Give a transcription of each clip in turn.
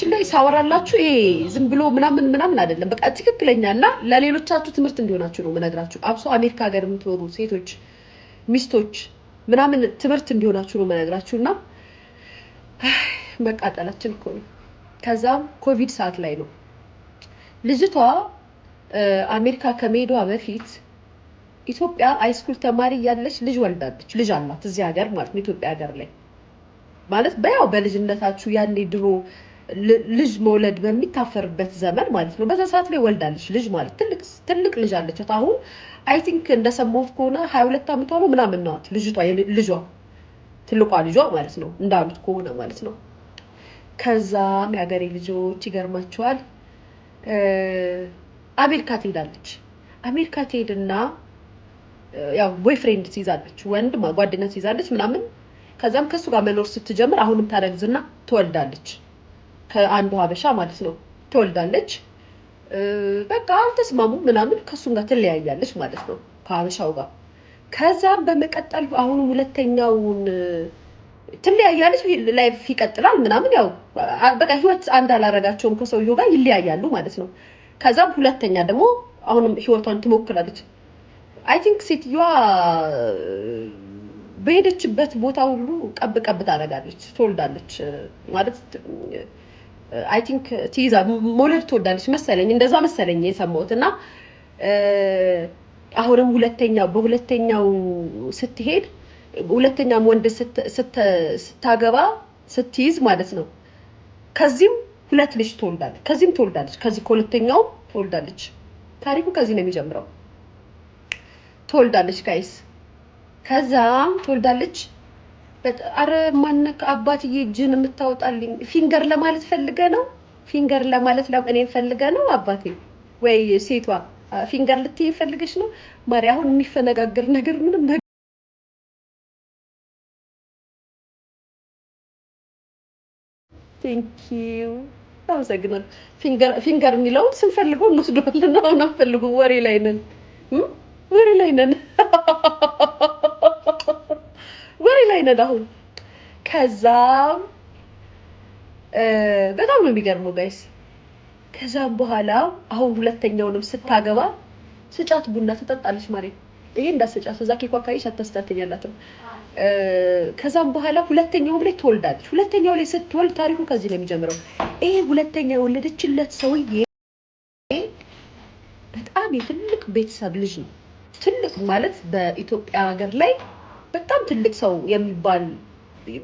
በነገራችን ላይ ሳወራላችሁ ይሄ ዝም ብሎ ምናምን ምናምን አይደለም። በቃ ትክክለኛ እና ለሌሎቻችሁ ትምህርት እንዲሆናችሁ ነው የምነግራችሁ። አብሶ አሜሪካ ሀገር የምትኖሩ ሴቶች ሚስቶች ምናምን ትምህርት እንዲሆናችሁ ነው የምነግራችሁ። እና መቃጠላችን እኮ ነው። ከዛም ኮቪድ ሰዓት ላይ ነው ልጅቷ አሜሪካ ከመሄዷ በፊት ኢትዮጵያ ሃይስኩል ተማሪ እያለች ልጅ ወልዳለች። ልጅ አላት እዚህ ሀገር ማለት ነው ኢትዮጵያ ሀገር ላይ ማለት በያው በልጅነታችሁ ያኔ ድሮ ልጅ መውለድ በሚታፈርበት ዘመን ማለት ነው። በዛ ሰዓት ላይ ወልዳለች ልጅ ማለት ትልቅ ልጅ አለች። አሁን አይ ቲንክ እንደሰማሁት ከሆነ ሀያ ሁለት ዓመቷ ነው ምናምን ናት ልጅቷ ልጇ ትልቋ ልጇ ማለት ነው እንዳሉት ከሆነ ማለት ነው። ከዛም የሀገሬ ልጆች ይገርማቸዋል። አሜሪካ ትሄዳለች። አሜሪካ ትሄድና ያው ቦይፍሬንድ ትይዛለች፣ ወንድ ጓደኛ ትይዛለች ምናምን። ከዛም ከሱ ጋር መኖር ስትጀምር አሁንም ታረግዝና ትወልዳለች። ከአንዱ ሀበሻ ማለት ነው ትወልዳለች። በቃ አልተስማሙም ምናምን ከእሱም ጋር ትለያያለች ማለት ነው ከሀበሻው ጋር። ከዛም በመቀጠል አሁን ሁለተኛውን ትለያያለች፣ ላይፍ ይቀጥላል ምናምን ያው በቃ ህይወት አንድ አላረጋቸውም ከሰውየው ጋር ይለያያሉ ማለት ነው። ከዛም ሁለተኛ ደግሞ አሁንም ህይወቷን ትሞክራለች። አይ ቲንክ ሴትዮዋ በሄደችበት ቦታ ሁሉ ቀብ ቀብ ታደርጋለች፣ ትወልዳለች ማለት አይ ቲንክ ትይዛ መውለድ ትወዳለች መሰለኝ፣ እንደዛ መሰለኝ የሰማሁት እና uh, አሁንም ሁለተኛው በሁለተኛው ስትሄድ ሁለተኛም ወንድ ስታገባ ስትይዝ ማለት ነው ከዚህም ሁለት ልጅ ትወልዳለች፣ ከዚህም ትወልዳለች፣ ከዚህ ከሁለተኛው ትወልዳለች። ታሪኩ ከዚህ ነው የሚጀምረው። ትወልዳለች ጋይስ፣ ከዛም ትወልዳለች አረ ማነክ አባትዬ እጅን የምታወጣልኝ ፊንገር ለማለት ፈልገ ነው። ፊንገር ለማለት እኔን ፈልገ ነው አባቴ ወይ ሴቷ ፊንገር ልትይ ፈልገች ነው ማሪ። አሁን የሚፈነጋገር ነገር ምንም ነገር ቴንኪው አመሰግናለሁ። ፊንገር የሚለውን ስንፈልገው እንወስደዋለን። አሁን አንፈልጉም። ወሬ ላይ ነን፣ ወሬ ላይ ነን። አይነዳሁም። ከዛም በጣም ነው የሚገርመው ጋይስ። ከዛም በኋላ አሁን ሁለተኛውንም ስታገባ ስጫት ቡና ትጠጣለች ማሬ። ይሄ እንዳስጫት እዛ ኬኳ አካባቢ አታስተካክያላትም። ከዛም በኋላ ሁለተኛውም ላይ ትወልዳለች። ሁለተኛው ላይ ስትወልድ ታሪኩ ከዚህ ነው የሚጀምረው። ይሄ ሁለተኛ የወለደችለት ሰውዬ በጣም የትልቅ ቤተሰብ ልጅ ነው። ትልቅ ማለት በኢትዮጵያ ሀገር ላይ በጣም ትልቅ ሰው የሚባል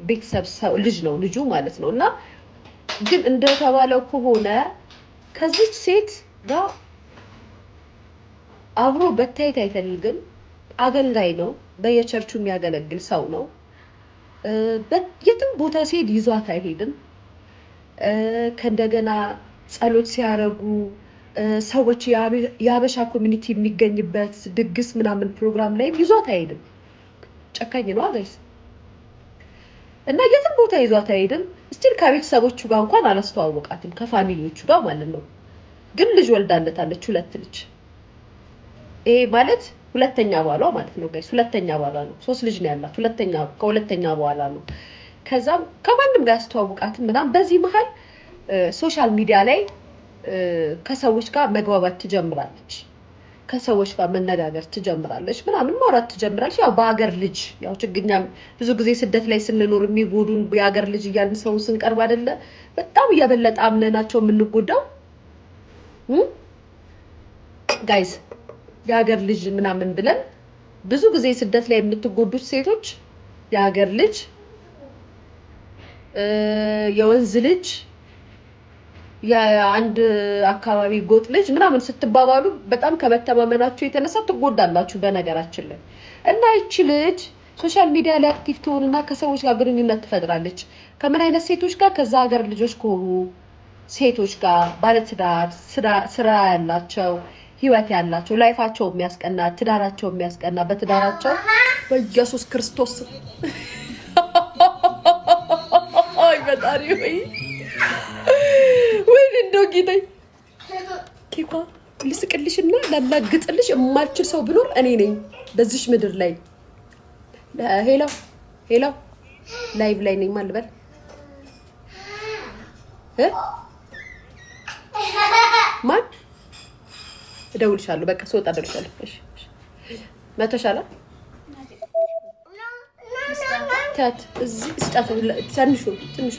ቤተሰብ ሰው ልጅ ነው ልጁ ማለት ነው። እና ግን እንደተባለው ከሆነ ከዚች ሴት ጋር አብሮ በታየት አይፈልግም። አገልጋይ ነው፣ በየቸርቹ የሚያገለግል ሰው ነው። የትም ቦታ ሲሄድ ይዟት አይሄድም። ከእንደገና ጸሎት ሲያደርጉ ሰዎች የአበሻ ኮሚኒቲ የሚገኝበት ድግስ ምናምን ፕሮግራም ላይም ይዟት አይሄድም። ጨካኝ ነው ጋይስ። እና የትም ቦታ ይዟት አይሄድም። ስቲል ከቤተሰቦቹ ጋር እንኳን አላስተዋወቃትም፣ ከፋሚሊዎቹ ጋር ማለት ነው። ግን ልጅ ወልዳለታለች፣ ሁለት ልጅ። ይሄ ማለት ሁለተኛ ባሏ ማለት ነው ጋይስ። ሁለተኛ ባሏ ነው። ሶስት ልጅ ነው ያላት፣ ሁለተኛ ከሁለተኛ በኋላ ነው። ከዛም ከማንም ጋር ያስተዋውቃትም ምናምን። በዚህ መሀል ሶሻል ሚዲያ ላይ ከሰዎች ጋር መግባባት ትጀምራለች። ከሰዎች ጋር መነጋገር ትጀምራለች፣ ምናምን ማውራት ትጀምራለች። ያው በሀገር ልጅ ያው ችግኛ ብዙ ጊዜ ስደት ላይ ስንኖር የሚጎዱን የሀገር ልጅ እያልን ሰው ስንቀርብ አይደለ በጣም እያበለጠ አምነናቸው የምንጎዳው ጋይዝ የሀገር ልጅ ምናምን ብለን ብዙ ጊዜ ስደት ላይ የምትጎዱት ሴቶች የሀገር ልጅ የወንዝ ልጅ የአንድ አካባቢ ጎጥ ልጅ ምናምን ስትባባሉ በጣም ከመተማመናችሁ የተነሳ ትጎዳላችሁ። በነገራችን ላይ እና ይቺ ልጅ ሶሻል ሚዲያ ላይ አክቲቭ ትሆንና ከሰዎች ጋር ግንኙነት ትፈጥራለች። ከምን አይነት ሴቶች ጋር? ከዛ ሀገር ልጆች ከሆኑ ሴቶች ጋር፣ ባለትዳር፣ ስራ ያላቸው፣ ህይወት ያላቸው፣ ላይፋቸው የሚያስቀና ትዳራቸው የሚያስቀና በትዳራቸው በኢየሱስ ክርስቶስ ወይ ወይኔ እንደው ጌታዬ ኬኳ ልስቅልሽና ላላግጥልሽ የማልችል ሰው ብኖር እኔ ነኝ በዚሽ ምድር ላይ። ሄሎ ሄሎ፣ ላይቭ ላይ ነኝ ማልበል ማን እደውልሻለሁ። በቃ ስወጣ እደውልሻለሁ። መቶሻላ ትንሹ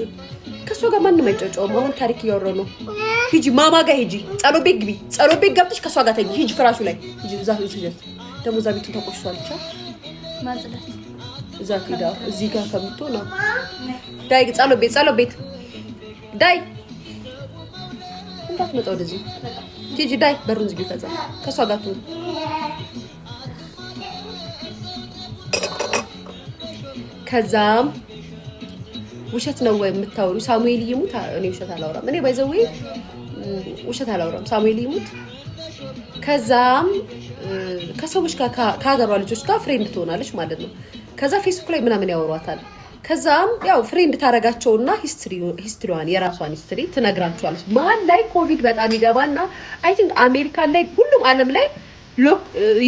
ከእሷ ጋር ማንም አይጨጫውም። አሁን ታሪክ እያወራሁ ነው። ሂጂ ማማ ጋር ሂጂ፣ ጸሎት ቤት ግቢ። ጸሎት ቤት ገብተሽ ከእሷ ጋር ተኝ። ሂጂ ፍራሹ ላይ ሂጂ። እዛ ደግሞ እዛ ቤቱን ተቆሽቷል። ብቻ እዛ ሄዳ እዚህ ጋር ከምትሆን ዳይ ጸሎት ቤት ጸሎት ቤት ዳይ እንዳትመጣ ወደዚህ ሂጂ። ዳይ በሩን ዝጊው። ከዛ ከእሷ ጋር ትሆን ከዛም ውሸት ነው ወይ የምታወሩ? ሳሙኤል ይሙት እኔ ውሸት አላወራም። እኔ ባይዘዌ ውሸት አላወራም። ሳሙኤል ይሙት ከዛም ከሰዎች ጋር ከሀገሯ ልጆች ጋር ፍሬንድ ትሆናለች ማለት ነው። ከዛ ፌስቡክ ላይ ምናምን ያወሯታል። ከዛም ያው ፍሬንድ ታደርጋቸውና ሂስትሪዋን የራሷን ሂስትሪ ትነግራቸዋለች። መሀል ላይ ኮቪድ በጣም ይገባና አይ ቲንክ አሜሪካን ላይ ሁሉም አለም ላይ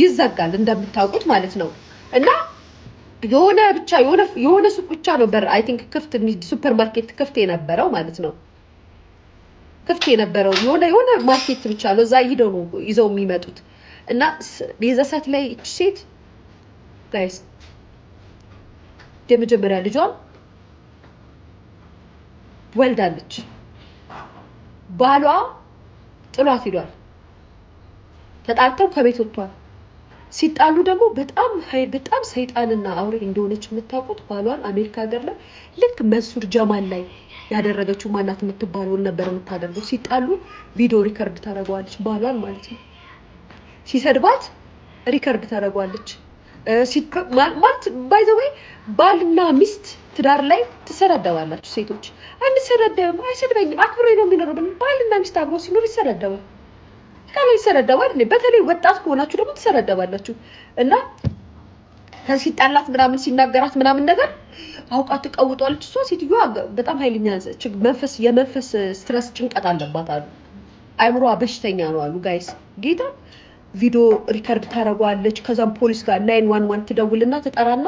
ይዘጋል እንደምታውቁት ማለት ነው እና የሆነ ብቻ የሆነ ሱቅ ብቻ ነው በር አይ ቲንክ ክፍት ሱፐር ማርኬት ክፍት የነበረው ማለት ነው። ክፍት የነበረው የሆነ የሆነ ማርኬት ብቻ ነው። እዛ ሂደው ነው ይዘው የሚመጡት እና የዛ ሰዓት ላይ እች ሴት ጋይስ የመጀመሪያ ልጇን ወልዳለች። ባሏ ጥሏት ሂዷል። ተጣልተው ከቤት ወጥቷል። ሲጣሉ ደግሞ በጣም በጣም ሰይጣንና አውሬ እንደሆነች የምታውቁት ባሏን አሜሪካ ሀገር ላይ ልክ መንሱር ጀማል ላይ ያደረገችው ማናት የምትባለውን ነበር የምታደርገው። ሲጣሉ ቪዲዮ ሪከርድ ታደርገዋለች፣ ባሏን ማለት ነው። ሲሰድባት ሪከርድ ታደርገዋለች። ማለት ባይዘወይ ባልና ሚስት ትዳር ላይ ትሰዳደባላችሁ ሴቶች። አንሰዳደብም፣ አይሰድበኝም፣ አክብሬ ነው የሚኖረው። ባልና ሚስት አብሮ ሲኖር ይሰዳደባል። ቃል ይሰረደባል። እ በተለይ ወጣት ከሆናችሁ ደግሞ ትሰረደባላችሁ እና ሲጣላት ምናምን ሲናገራት ምናምን ነገር አውቃ ትቀውጧለች። እሷ ሴትዮዋ በጣም ኃይለኛ መንፈስ የመንፈስ ስትረስ ጭንቀት አለባት አሉ። አይምሯ በሽተኛ ነው አሉ። ጋይስ ጌታ ቪዲዮ ሪከርድ ታደርገዋለች። ከዛም ፖሊስ ጋር ናይን ዋን ዋን ትደውልና ትጠራና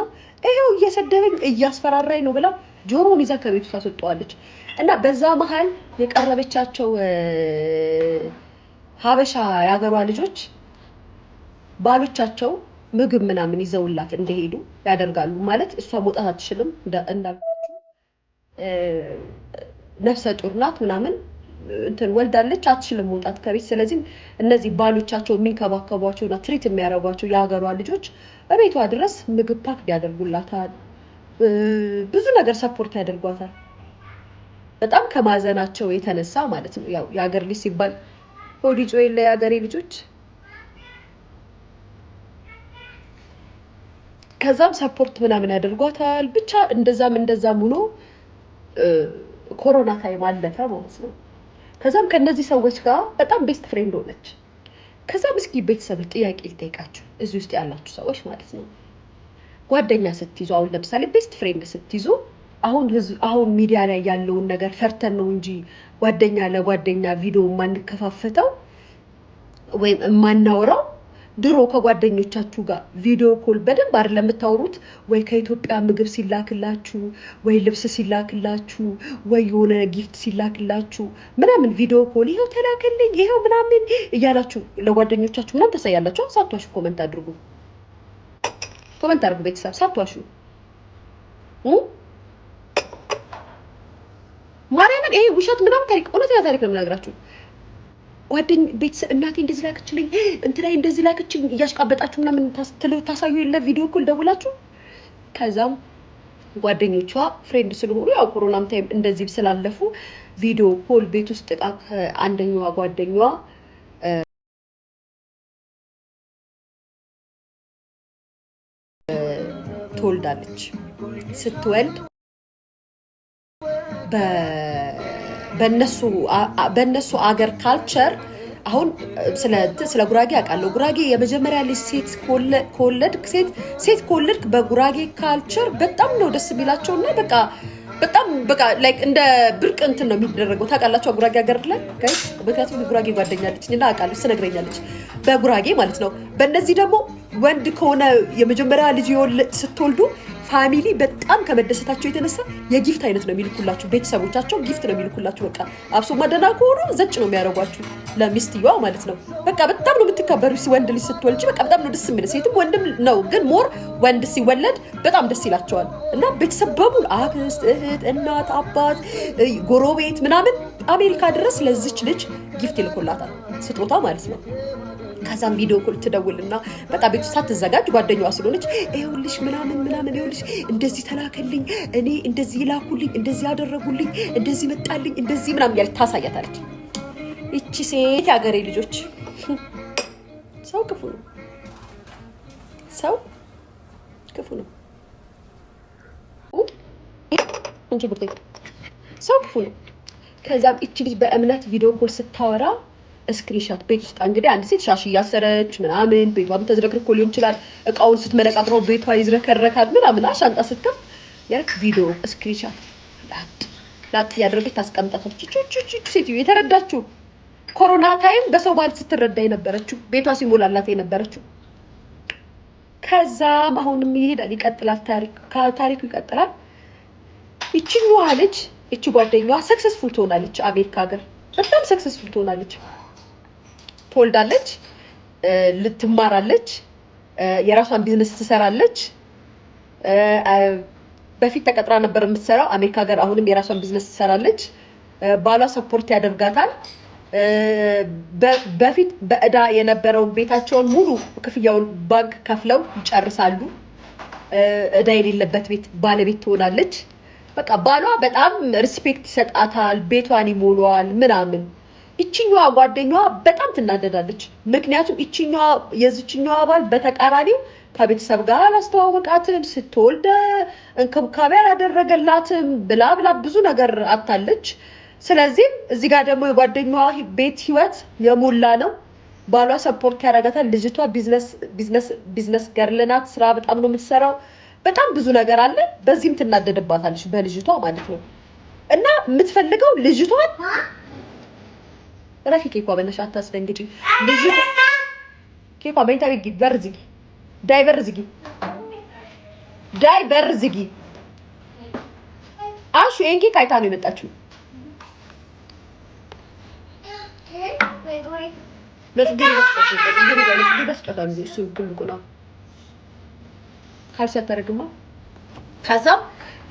ይሄው እየሰደበኝ እያስፈራራኝ ነው ብላ ጆሮን ይዛ ከቤቱ ታስወጣዋለች እና በዛ መሀል የቀረበቻቸው ሀበሻ የሀገሯ ልጆች ባሎቻቸው ምግብ ምናምን ይዘውላት እንደሄዱ ያደርጋሉ። ማለት እሷ መውጣት አትችልም እንዳ ነፍሰ ጡር ናት ምናምን እንትን ወልዳለች አትችልም መውጣት ከቤት። ስለዚህ እነዚህ ባሎቻቸው የሚንከባከቧቸውና ትሪት የሚያደርጓቸው የሀገሯ ልጆች እቤቷ ድረስ ምግብ ፓክድ ያደርጉላታል። ብዙ ነገር ሰፖርት ያደርጓታል። በጣም ከማዘናቸው የተነሳ ማለት ነው ያው የሀገር ልጅ ሲባል ሆዲጮ የለ የአገሬ ልጆች። ከዛም ሰፖርት ምናምን ያደርጓታል። ብቻ እንደዛም እንደዛም ሆኖ ኮሮና ታይም አለፈ ማለት ነው። ከዛም ከእነዚህ ሰዎች ጋር በጣም ቤስት ፍሬንድ ሆነች። ከዛም እስኪ ቤተሰብ ጥያቄ ልጠይቃችሁ፣ እዚህ ውስጥ ያላችሁ ሰዎች ማለት ነው። ጓደኛ ስትይዙ፣ አሁን ለምሳሌ ቤስት ፍሬንድ ስትይዙ፣ አሁን አሁን ሚዲያ ላይ ያለውን ነገር ፈርተን ነው እንጂ ጓደኛ ለጓደኛ ቪዲዮ የማንከፋፈተው ወይም የማናወራው ድሮ ከጓደኞቻችሁ ጋር ቪዲዮ ኮል በደንብ አር ለምታወሩት ወይ ከኢትዮጵያ ምግብ ሲላክላችሁ፣ ወይ ልብስ ሲላክላችሁ፣ ወይ የሆነ ጊፍት ሲላክላችሁ ምናምን ቪዲዮ ኮል ይኸው ተላክልኝ ይኸው ምናምን እያላችሁ ለጓደኞቻችሁ ምናምን ታሳያላችሁ። ሳትዋሹ ኮመንት አድርጉ፣ ኮመንት አድርጉ ቤተሰብ ሳትዋሹ ማርያምን ይሄ ውሸት ምናምን ታሪክ እውነተኛ ታሪክ ነው ቤተሰብ እናቴ እንደዚህ ላክችልኝ እንደዚህ ላክችልኝ እያሽቃበጣችሁ ምናምን ታሳዩ የለ ቪዲዮ ደውላችሁ። ከዛም ጓደኞቿ ፍሬንድ ስለሆኑ ያው ኮሮናም ታይም እንደዚህ ስላለፉ ቪዲዮ ኮል ቤት ውስጥ አንደኛዋ ጓደኛዋ ትወልዳለች ስትወልድ በእነሱ አገር ካልቸር አሁን ስለ ጉራጌ አውቃለሁ። ጉራጌ የመጀመሪያ ልጅ ሴት ከወለድክ ሴት ሴት ከወለድክ በጉራጌ ካልቸር በጣም ነው ደስ የሚላቸው እና በቃ በጣም በቃ ላይክ እንደ ብርቅ እንትን ነው የሚደረገው። ታውቃላችሁ ጉራጌ ሀገር ላይ ጋይስ፣ ምክንያቱም የጉራጌ ጓደኛለች እና አውቃለሁ ስነግረኛለች በጉራጌ ማለት ነው። በእነዚህ ደግሞ ወንድ ከሆነ የመጀመሪያ ልጅ ስትወልዱ ፋሚሊ በጣም ከመደሰታቸው የተነሳ የጊፍት አይነት ነው የሚልኩላችሁ። ቤተሰቦቻቸው ጊፍት ነው የሚልኩላችሁ። በቃ አብሶ ማደና ከሆኑ ዘጭ ነው የሚያደርጓችሁ ለሚስትየዋ ማለት ነው። በቃ በጣም ነው የምትከበሩ ወንድ ልጅ ስትወልጅ። በቃ በጣም ነው ደስ የሚል። ሴትም ወንድም ነው ግን ሞር ወንድ ሲወለድ በጣም ደስ ይላቸዋል። እና ቤተሰብ በሙሉ አክስት፣ እህት፣ እናት፣ አባት፣ ጎረቤት ምናምን አሜሪካ ድረስ ለዚች ልጅ ጊፍት ይልኩላታል ስጦታ ማለት ነው። ከዛም ቪዲዮ ኮል ትደውልና በቃ ቤት ውስጥ ሳትዘጋጅ ጓደኛዋ ስለሆነች ይኸውልሽ ምናምን ምናምን ይኸውልሽ እንደዚህ ተላከልኝ፣ እኔ እንደዚህ ይላኩልኝ፣ እንደዚህ ያደረጉልኝ፣ እንደዚህ መጣልኝ፣ እንደዚህ ምናምን ያለች ታሳያታለች። ይቺ ሴት ያገሬ ልጆች ሰው ክፉ ነው። ሰው ክፉ ነው። ሰው ክፉ ነው። ከዛም እቺ ልጅ በእምነት ቪዲዮ ኮል ስታወራ ስክሪንሻት ቤት ውስጥ እንግዲህ አንድ ሴት ሻሽ እያሰረች ምናምን ቤቷም ተዝረክርኮ ሊሆን ይችላል። እቃውን ስትመለቃጥሮ ቤቷ ይዝረከረካል ምናምን። ሻንጣ ስትከፍ ያልክ ቪዲዮ ስክሪንሻት ላጥ ላጥ እያደረገች ታስቀምጣታች። ሴትዮ የተረዳችው ኮሮና ታይም በሰው ባል ስትረዳ የነበረችው ቤቷ ሲሞላላት የነበረችው ከዛም አሁንም ይሄዳል፣ ይቀጥላል። ታሪኩ ይቀጥላል። ይችኛዋ ልጅ ይቺ ጓደኛዋ ሰክሰስፉል ትሆናለች። አሜሪካ ሀገር በጣም ሰክሰስፉል ትሆናለች። ትወልዳለች፣ ልትማራለች፣ የራሷን ቢዝነስ ትሰራለች። በፊት ተቀጥራ ነበር የምትሰራው አሜሪካ ሀገር፣ አሁንም የራሷን ቢዝነስ ትሰራለች። ባሏ ሰፖርት ያደርጋታል። በፊት በእዳ የነበረውን ቤታቸውን ሙሉ ክፍያውን ባንክ ከፍለው ይጨርሳሉ። እዳ የሌለበት ቤት ባለቤት ትሆናለች። በቃ ባሏ በጣም ሪስፔክት ይሰጣታል። ቤቷን ይሞሏል ምናምን ይችኛዋ ጓደኛዋ በጣም ትናደዳለች። ምክንያቱም ይችኛዋ የዚችኛዋ ባል በተቃራኒው ከቤተሰብ ጋር አላስተዋወቃትም፣ ስትወልደ እንክብካቤ አላደረገላትም፣ ብላ ብላ ብዙ ነገር አታለች። ስለዚህም እዚህ ጋር ደግሞ የጓደኛዋ ቤት ህይወት የሞላ ነው። ባሏ ሰፖርት ያደርጋታል። ልጅቷ ቢዝነስ ገርል ስራ በጣም ነው የምትሰራው። በጣም ብዙ ነገር አለ። በዚህም ትናደድባታለች በልጅቷ ማለት ነው እና የምትፈልገው ልጅቷን ራሴ ኬኳ በነሽ አታስደንግጪ። ልጅ ኬኳ በእንታ ቢግ በር ዝጊ፣ ዳይቨር ዝጊ፣ ዳይቨር ዝጊ። አሹ ይሄን ኬክ አይታ ነው የመጣችው።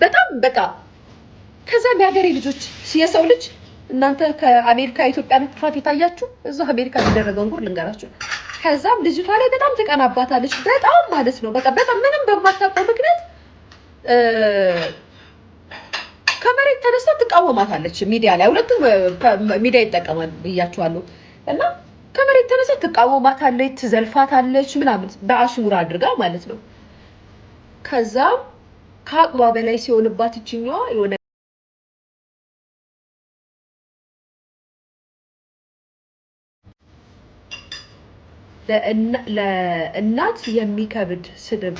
በጣም በቃ ከዛ የሀገሬ ልጆች የሰው ልጅ እናንተ ከአሜሪካ ኢትዮጵያ መጥፋት የታያችሁ እዛ አሜሪካ የሚደረገውን ጉር ልንገራችሁ። ከዛም ልጅቷ ላይ በጣም ትቀናባታለች። በጣም ማለት ነው በቃ በጣም ምንም በማታውቀው ምክንያት ከመሬት ተነስታ ትቃወማታለች። ሚዲያ ላይ ሁለቱም ሚዲያ ይጠቀማል ብያችኋለሁ። እና ከመሬት ተነሳ ትቃወማታለች፣ ትዘልፋታለች ምናምን በአሽሙራ አድርጋ ማለት ነው። ከዛም ከአቅሟ በላይ ሲሆንባት ይችኛዋ የሆነ ለእናት የሚከብድ ስድብ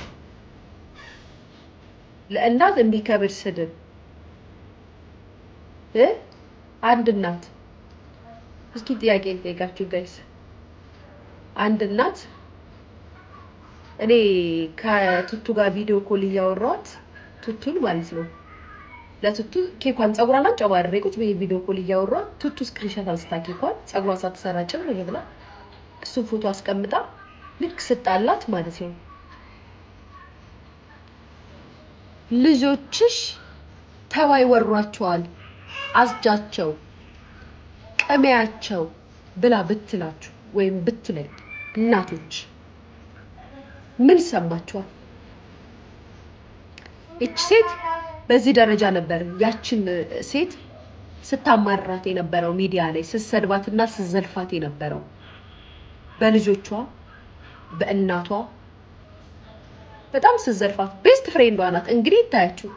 ለእናት የሚከብድ ስድብ እ አንድ እናት እስኪ ጥያቄ ጠይቃችሁ ጋይስ። አንድ እናት እኔ ከቱቱ ጋር ቪዲዮ ኮል እያወራኋት ቱቱን ማለት ነው ለቱቱ ኬኳን ፀጉሯን ጨባሬ ቁጭ ብዬ ኮል እያወራኋት ቱቱ ስክሪንሻት አንስታ ኬኳን ፀጉሯን ሳትሰራ ጭምር ይሄ ብላ እሱን ፎቶ አስቀምጣ ልክ ስጣላት ማለት ነው ልጆችሽ ተባይ ወሯቸዋል፣ አዝጃቸው ቅሜያቸው ብላ ብትላችሁ ወይም ብትለኝ እናቶች ምን ሰማችኋል? ይች ሴት በዚህ ደረጃ ነበር ያችን ሴት ስታማራት የነበረው ሚዲያ ላይ ስሰድባትና ስዘልፋት የነበረው በልጆቿ በእናቷ በጣም ስዘርፋት ቤስት ፍሬንዷ ናት። እንግዲህ ይታያችሁ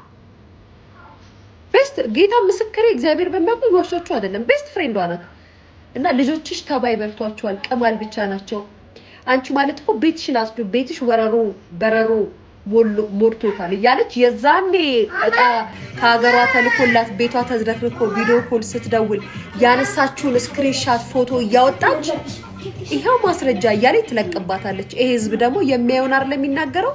ቤስት ጌታ ምስክሬ እግዚአብሔር በሚያውቁ ወርሶቹ አይደለም ቤስት ፍሬንዷ ናት። እና ልጆችሽ ተባይ በልቷቸዋል። ቅማል ብቻ ናቸው። አንቺ ማለት እኮ ቤትሽን አጽዱ፣ ቤትሽ ወረሮ በረሮ ሞልቶታል እያለች የዛኔ እቃ ከሀገሯ ተልኮላት ቤቷ ተዝረክርኮ ቪዲዮ ኮል ስትደውል ያነሳችሁን ስክሪንሻት ፎቶ እያወጣች ይኸው ማስረጃ እያለች ትለቅባታለች። ይሄ ህዝብ ደግሞ የሚያየውን አይደለም የሚናገረው።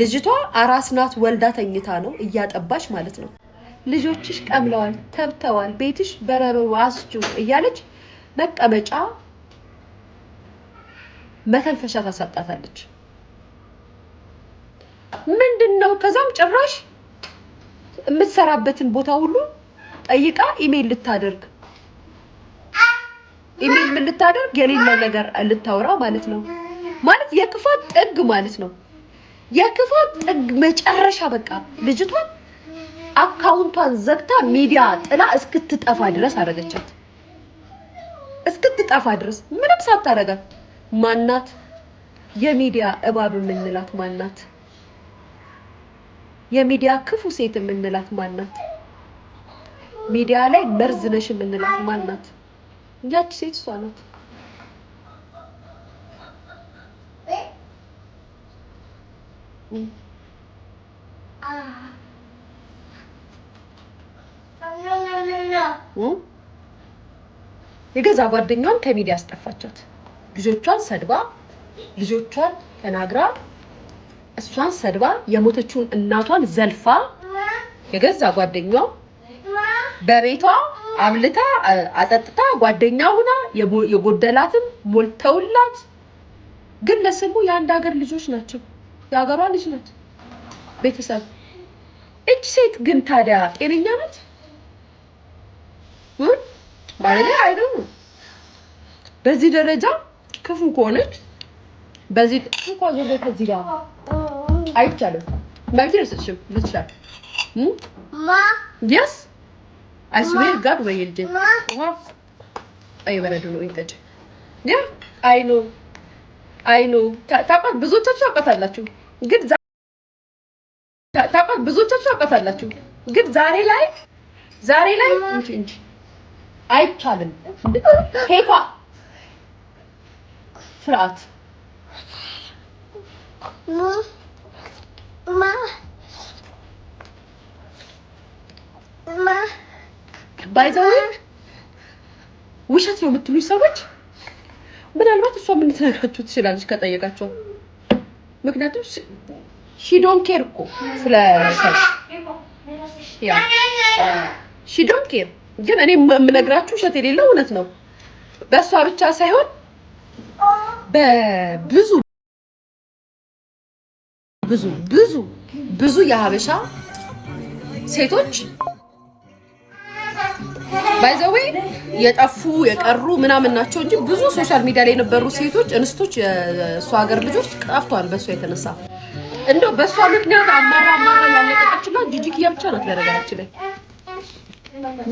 ልጅቷ አራስ ናት፣ ወልዳ ተኝታ ነው እያጠባች ማለት ነው። ልጆችሽ ቀምለዋል፣ ተብተዋል፣ ቤትሽ በረበው አስጁ እያለች መቀመጫ መተንፈሻ ታሳጣታለች። ምንድን ነው? ከዛም ጭራሽ የምትሰራበትን ቦታ ሁሉ ጠይቃ ኢሜይል ልታደርግ ኢሜል ምን ልታደርግ የሌለ ነገር ልታወራ ማለት ነው። ማለት የክፋት ጥግ ማለት ነው። የክፋት ጥግ መጨረሻ በቃ ልጅቷን አካውንቷን ዘግታ ሚዲያ ጥላ እስክትጠፋ ድረስ አደረገቻት። እስክትጠፋ ድረስ ምንም ሳታደርጋት ማናት? የሚዲያ እባብ የምንላት ማናት? የሚዲያ ክፉ ሴት የምንላት ማናት? ሚዲያ ላይ መርዝ ነሽ የምንላት ማናት? ያች ሴት እሷ ናት። የገዛ ጓደኛዋን ከሚዲያ ያስጠፋቻት ልጆቿን ሰድባ ልጆቿን ተናግራ እሷን ሰድባ የሞተችውን እናቷን ዘልፋ የገዛ ጓደኛው በቤቷ አምልታ አጠጥታ ጓደኛ ሁና የጎደላትን ሞልተውላት፣ ግን ለስሙ የአንድ ሀገር ልጆች ናቸው። የሀገሯ ልጅ ናት ቤተሰብ። እች ሴት ግን ታዲያ ጤነኛ ናት ማለት አይደ በዚህ ደረጃ ክፉ ከሆነች በዚህ እንኳ ዞር ከዚህ ጋር አይቻልም። መብት ልስጥሽም ልትሻል ስ I God waved አይ በረዶ ነው ይጠጭ። ግን አይ ኖ አይ ኖ ታውቃል፣ ብዙዎቻችሁ አውቃታላችሁ። ግን ታውቃል፣ ብዙዎቻችሁ አውቃታላችሁ። ግን ዛሬ ላይ ዛሬ ላይ እንጂ እንጂ አይቻልም። ሄፋ ፍርሃት ማ ማ ባይዘው ውሸት ነው የምትሉኝ ሰዎች ምናልባት እሷ ምን ልትነግራችሁ ትችላለች ከጠየቃቸው። ምክንያቱም ሺ ዶን ኬር እኮ ስለ ሺ ዶን ኬር። ግን እኔ የምነግራችሁ ውሸት የሌለው እውነት ነው። በእሷ ብቻ ሳይሆን በብዙ ብዙ ብዙ ብዙ የሀበሻ ሴቶች ባይዘዌ የጠፉ የቀሩ ምናምን ናቸው እንጂ ብዙ ሶሻል ሚዲያ ላይ የነበሩ ሴቶች እንስቶች፣ የእሱ ሀገር ልጆች ጠፍቷል በእሷ የተነሳ እንደው በእሷ ምክንያት አማራ አማራ ያለቀቀችና ጂጂክያ ብቻ ናት። በነገራችን ላይ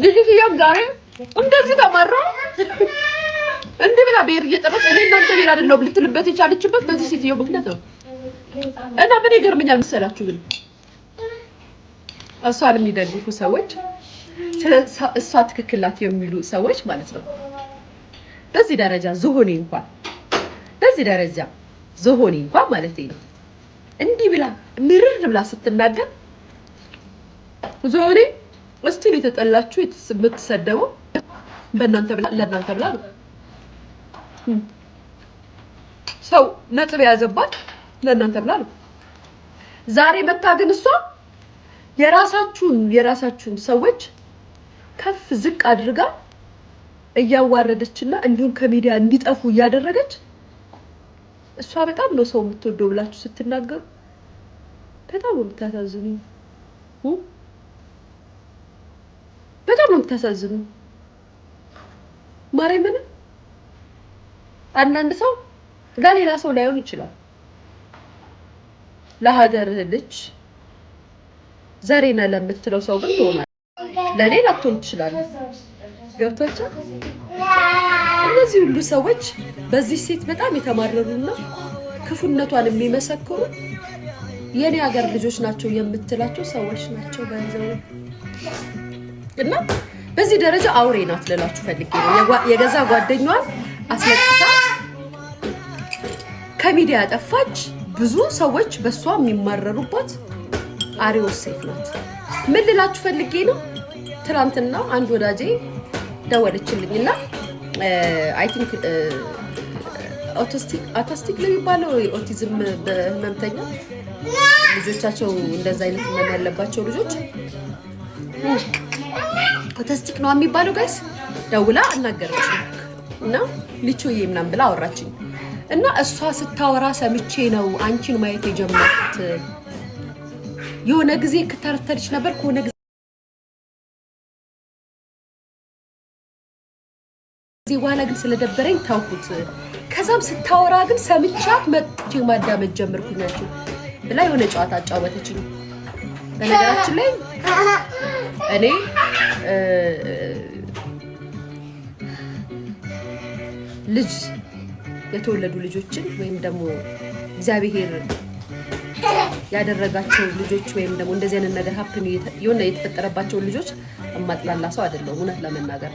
ጂጂክያም ዛሬ እንደዚህ ተማራ እንዲህ ብላ ብሄር እየጠረች እኔ እናንተ ብሄር አይደለሁም ልትልበት የቻለችበት በዚህ ሴትዮ ምክንያት ነው። እና ምን ይገርምኛል መሰላችሁ ግን እሷን የሚደግፉ ሰዎች እሷ ትክክል ናት የሚሉ ሰዎች ማለት ነው። በዚህ ደረጃ ዝሆኔ እንኳን በዚህ ደረጃ ዝሆኔ እንኳን ማለት ነው እንዲህ ብላ ምርር ብላ ስትናገር ዝሆኔ እስቲል የተጠላችሁ የምትሰደቡ በእናንተ ብላ ለእናንተ ብላ ነው። ሰው ነጥብ የያዘባት ለእናንተ ብላ ነው። ዛሬ መታ ግን እሷ የራሳችሁን የራሳችሁን ሰዎች ከፍ ዝቅ አድርጋ እያዋረደችና እንዲሁም ከሚዲያ እንዲጠፉ እያደረገች እሷ በጣም ነው ሰው የምትወደው ብላችሁ ስትናገሩ በጣም ነው የምታሳዝኑ። በጣም ነው የምታሳዝኑ። ማርያም ምን አንዳንድ ሰው ለሌላ ሰው ላይሆን ይችላል። ለሀገር ልጅ ዘሬ ነህ ለምትለው ሰው ግን ትሆናለህ። ለእኔ ላትሆን ትችላለህ። ገብቷቸው እነዚህ ሁሉ ሰዎች በዚህ ሴት በጣም የተማረሩና ክፉነቷን የሚመሰክሩ የእኔ ሀገር ልጆች ናቸው የምትላቸው ሰዎች ናቸው። ገንዘቡ እና በዚህ ደረጃ አውሬ ናት ልላችሁ ፈልጌ ነው። የገዛ ጓደኛዋን አስለቅሳ ከሚዲያ ያጠፋች ብዙ ሰዎች በእሷ የሚማረሩበት አሪዎስ ሴት ናት። ምን ልላችሁ ፈልጌ ነው። ትናንትና አንድ ወዳጄ ደወለችልኝና አይ ቲንክ ኦቲስቲክ ለሚባለው ኦቲዝም በህመምተኛ ልጆቻቸው እንደዛ አይነት ህመም ያለባቸው ልጆች ኦቲስቲክ ነው የሚባለው ጋይስ ደውላ አናገረች እና ልቹዬ ምናምን ብላ አወራችኝ እና እሷ ስታወራ ሰምቼ ነው አንቺን ማየት የጀመርኩት። የሆነ ጊዜ ከተረተልሽ ነበር ከሆነ እዚህ በኋላ ግን ስለደበረኝ ታውኩት። ከዛም ስታወራ ግን ሰምቻት መጥቼ ማዳመጥ ጀመርኩኛቸው ብላ የሆነ ጨዋታ አጫወተችኝ። በነገራችን ላይ እኔ ልጅ የተወለዱ ልጆችን ወይም ደግሞ እግዚአብሔር ያደረጋቸው ልጆች ወይም ደግሞ እንደዚህ አይነት ነገር ሀፕን የሆነ የተፈጠረባቸውን ልጆች እማጥላላ ሰው አይደለሁም። እውነት ለመናገር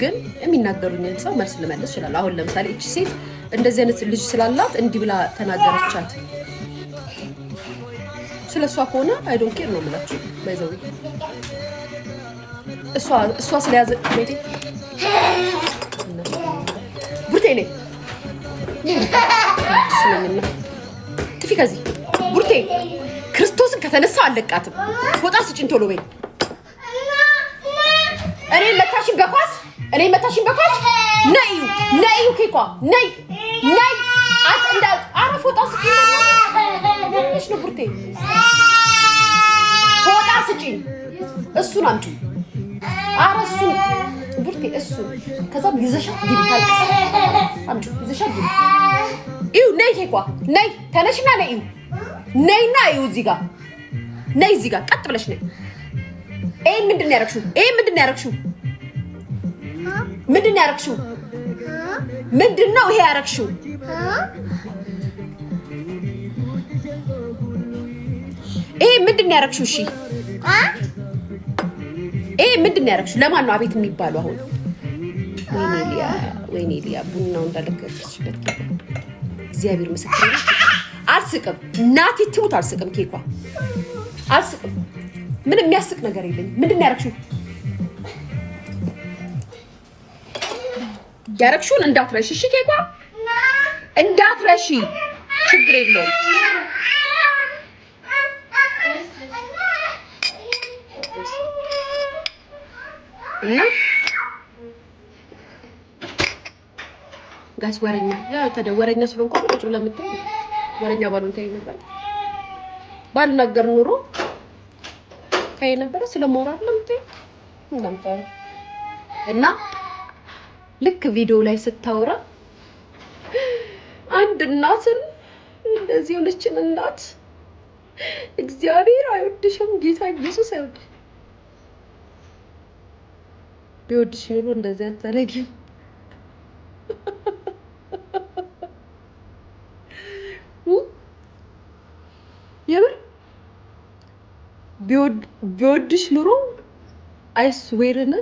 ግን የሚናገሩኝን ሰው መልስ ልመለስ ይችላል። አሁን ለምሳሌ እቺ ሴት እንደዚህ አይነት ልጅ ስላላት እንዲህ ብላ ተናገረቻት ስለ እሷ ከሆነ አይዶን ኬር ነው የምላችሁ። ባይዘዊ እሷ ስለያዘ ቤቴ ቡርቴ ነ ትፊ ከዚህ ቡርቴ ክርስቶስን ከተነሳ አለቃትም። ወጣ ስጭን ቶሎ በይ። እኔ መታሽን በኳስ እኔ መታሽን በኳስ ነይ ነይ ኬኳ ነይ ነይ አት እንዳ አረፍ ወጣ ስጭን ነሽ ነው ቡርቴ ወጣ ስጭን እሱን አምጪ አረሱ ቡርቴ እሱ ከዛም ይዘሻት ግቢ ታልቅ አምጪ ይዘሻት ግቢ ይው ነይ ኬኳ ነይ ተነሽና ነይ ይው ነይና ይኸው እዚህ ጋ ነይ፣ እዚህ ጋ ቀጥ ብለሽ ነይ። ይሄን ምንድን ነው ያደረግሽው? ይሄን ምንድን ነው ያደረግሽው? ምንድን ነው ያደረግሽው? ምንድን ነው ይሄ ያደረግሽው? ይሄ ምንድን ነው ያደረግሽው? እሺ ይሄ ምንድን ነው ያደረግሽው? ለማን ነው አቤት የሚባለው አሁን? ወይኔ ሊያ፣ ወይኔ ሊያ ቡናው እንዳለቀችበት እግዚአብሔር ምስክር አልስቅም። ናቲ ትሙት አልስቅም። ኬኳ አልስቅም። ምንም የሚያስቅ ነገር የለኝ። ምንድን ነው ያደረግሽው? ያደረግሽውን እንዳትረሺ እሺ። ኬኳ እንዳትረሺ፣ ችግር የለውም። እና ጋዝ ወረኛ ያው ተደወረኛ ስለሆንኩ ቁጭ ብለህ የምታይ ወረኛ ባሉን ተይ ነበር ባልናገር ኑሮ ተይ ነበረ። ስለ ሞራል ለምታይ እና ልክ ቪዲዮ ላይ ስታወራ አንድ እናትን እንደዚህ የሆነችን እናት እግዚአብሔር አይወድሽም፣ ጌታ ኢየሱስ አይወድሽም። ቢወድሽ ይሉ እንደዚህ አታረጊም። ቢወድሽ ኑሮ አይስዌርን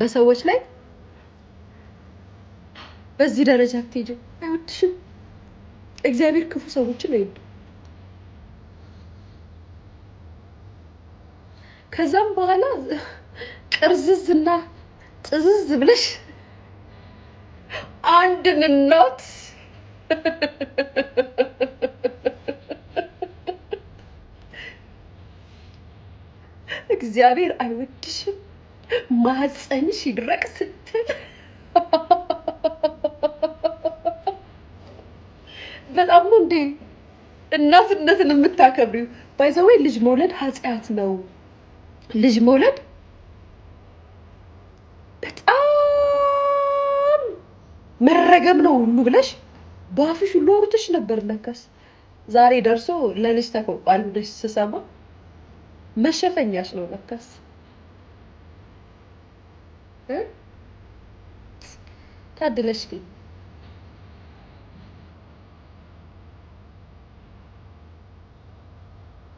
በሰዎች ላይ በዚህ ደረጃ አትሄጂም። አይወድሽም። እግዚአብሔር ክፉ ሰዎችን አይወድም። ከዛም በኋላ ቅርዝዝ እና ጥዝዝ ብለሽ አንድን እናት እግዚአብሔር አይወድሽም ማህፀንሽ ይድረቅ ስትል በጣም ነው እንዴ እናትነትን የምታከብሪው። ባይዘወይ ልጅ መውለድ ኃጢአት ነው። ልጅ መውለድ በጣም መረገም ነው ሁሉ ብለሽ በአፍሽ ሁሉ አውርተሽ ነበር። ለካስ ዛሬ ደርሶ ለልጅ ተቆርቋል ስሰማ መሸፈኛ ነው ለካስ ታድለሽ ግን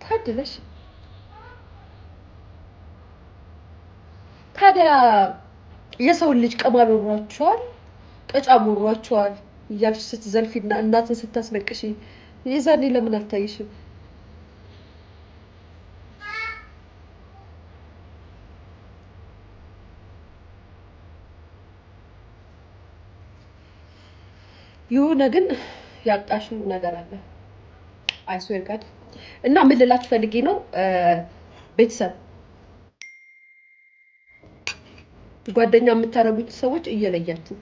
ታድለሽ። ታዲያ የሰውን ልጅ ቀማሚ ወሯቸዋል፣ ቀጫም ወሯቸዋል እያልሽ ስትዘልፊና እናትን ስታስነቅሽ የዛኔ ለምን አልታይሽም? የሆነ ግን ያጣሽ ነገር አለ። አይስዌር ጋድ እና ምን ልላችሁ ፈልጌ ነው ቤተሰብ ጓደኛ የምታደርጉት ሰዎች እየለያችሁ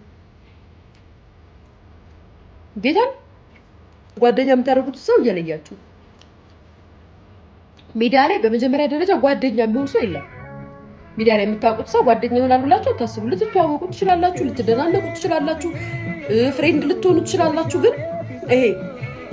ጌታን ጓደኛ የምታደርጉት ሰው እየለያችሁ ሚዲያ ላይ በመጀመሪያ ደረጃ ጓደኛ የሚሆን ሰው የለም። ሚዲያ ላይ የምታውቁት ሰው ጓደኛ ይሆናል ብላችሁ አታስቡ። ልትተዋወቁ ትችላላችሁ፣ ልትደናነቁ ትችላላችሁ፣ ፍሬንድ ልትሆኑ ትችላላችሁ። ግን ይሄ